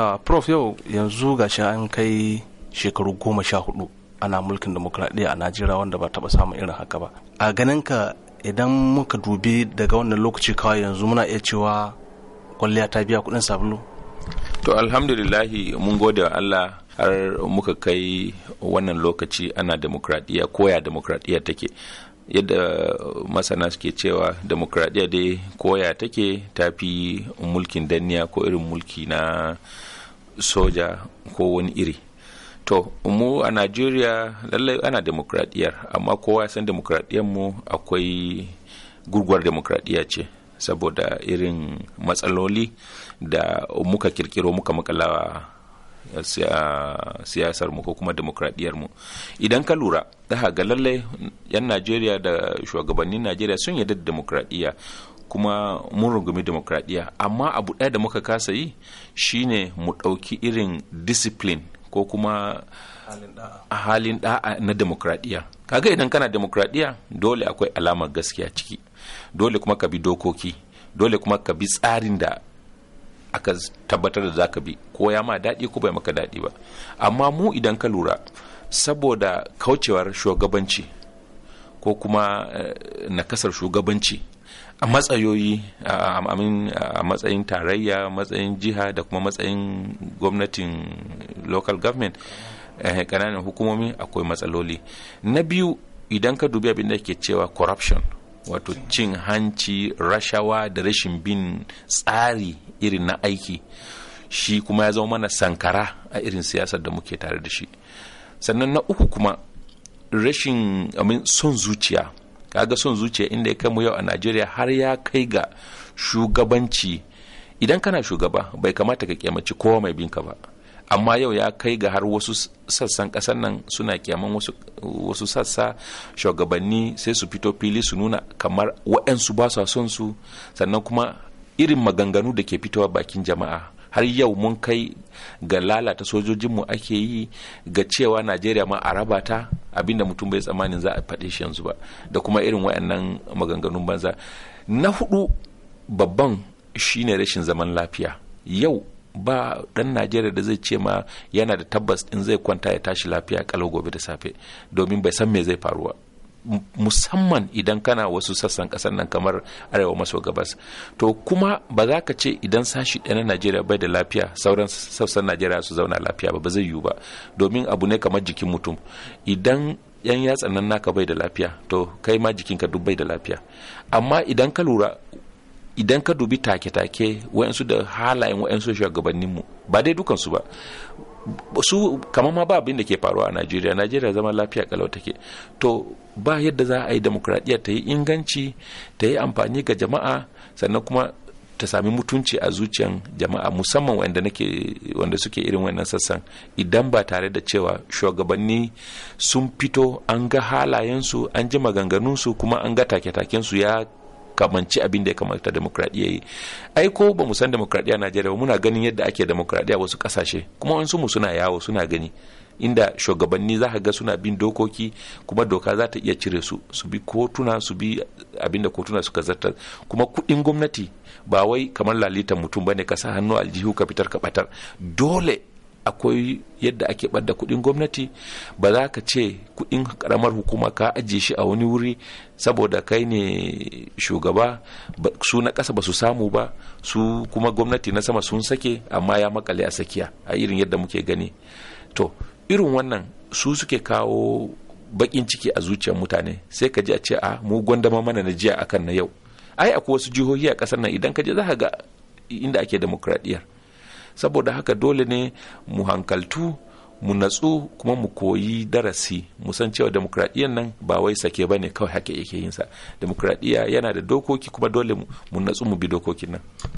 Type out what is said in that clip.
Uh, prof yau yanzu gashi an kai shekaru goma sha hudu ana mulkin demokradiyya a najeriya wanda ba taba samun irin haka ba a ganin ka idan muka dubi daga wannan lokaci kawai yanzu muna iya cewa kwalliya ta biya kuɗin sabulu to alhamdulillahi mun gode wa allah har muka kai wannan lokaci ana demokradiyya koya demokradiyya take yadda masana suke cewa demokradiyya dai koya take ta fi mulkin danniya ko irin mulki na soja ko wani iri to mu a najeriya lallai ana demokradiyyar amma kowa san demokradiyyar mu akwai gurguwar demokradiyya ce saboda irin matsaloli da muka kirkiro muka makalawa siyasar mu ko kuma demokradiyyar mu idan ka lura da ga lallai yan najeriya da shugabannin najeriya sun yi da demokradiyya kuma mun rungumi demokradiyya amma abu ɗaya da muka kasa yi shine mu ɗauki irin discipline ko kuma halin da'a na demokradiyya kaga idan kana demokradiyya dole akwai alamar gaskiya ciki dole kuma ka bi dokoki dole kuma ka bi tsarin da aka tabbatar da zaka bi ko ya ma daɗi ko bai maka daɗi ba amma mu idan ka lura saboda kaucewar shugabanci ko kuma eh, nakasar shugabanci a matsayoyi a matsayin tarayya matsayin jiha da kuma matsayin gwamnatin local government kananan eh, hukumomi akwai matsaloli na biyu idan ka dubi abin da ke cewa corruption wato cin hanci rashawa da rashin bin tsari irin na aiki shi kuma ya zama mana sankara a irin siyasar da muke tare da shi sannan na uku kuma rashin amin son zuciya kaga son zuciya inda ya kai mu yau a najeriya har ya kai ga shugabanci idan kana shugaba bai kamata ka kyamaci kowa mai binka ba amma yau ya kai ga har wasu sassan ƙasar nan suna kyaman wasu sassa shugabanni sai su fito fili su nuna kamar waɗansu ba su son su sannan kuma irin maganganu da ke fitowa bakin jama'a har yau mun kai ga lalata sojojinmu ake yi ga cewa najeriya ma a raba ta abinda mutum bai tsamanin za a faɗe shi yanzu ba da kuma irin wayannan maganganun banza na hudu babban shine rashin zaman lafiya yau ba dan najeriya da zai ce ma yana da tabbas in zai kwanta ya tashi lafiya kalau gobe da safe domin bai san me zai faruwa musamman idan kana wasu sassan kasar nan kamar arewa maso gabas to kuma ba za ka ce idan sashi ɗaya na najeriya bai da lafiya sauran sassan najeriya su zauna lafiya ba ba zai yiwu ba domin abu ne kamar jikin mutum idan yan yatsa nan naka bai da lafiya to kai ma jikinka duk bai da lafiya amma idan ka lura idan ka dubi take-take wa'yansu da halayen wa'yansu mu ba dai dukansu ba su kamar ma ba abin da ke faruwa a najeriya najeriya zama lafiya kalau take to ba yadda za a yi demokradiyya ta yi inganci ta yi amfani ga jama'a sannan kuma ta sami mutunci a zuciyan jama'a musamman wanda nake wanda suke irin wannan sassan idan ba tare da cewa shugabanni sun fito an ga halayensu an ji maganganunsu kuma an ga take taken su ya kamanci abin da ya kamata demokradiyya yi ai ko ba mu san demokradiyya Najeriya ba muna ganin yadda ake demokradiyya wasu kasashe kuma wasu mu suna yawo suna gani inda shugabanni za ka ga suna bin dokoki kuma doka za ta iya cire su su bi kotuna su bi abin da kotuna suka zarta kuma kuɗin gwamnati ba wai kamar lalitan mutum bane ka sa hannu aljihu ka fitar ka batar dole akwai yadda ake ɓadda kuɗin gwamnati ba za ka ce kuɗin ƙaramar hukuma ka ajiye shi a wani wuri saboda kai ne shugaba su na ƙasa ba su samu ba su kuma gwamnati na sama sun sake amma ya makale a sakiya a irin yadda muke gani to irin wannan su suke kawo baƙin ciki a zuciyar mutane sai ka ji a ce a mu gwandama mana na jiya akan na yau ai akwai wasu jihohi a ƙasar nan idan ka je za ka ga inda ake demokradiyyar saboda haka dole ne mu hankaltu mu natsu kuma mu koyi darasi mu san cewa demokradiyyar nan ba wai sake ba ne kawai haka yake yin sa demokradiyya yana da dokoki kuma dole mu natsu mu bi dokokin nan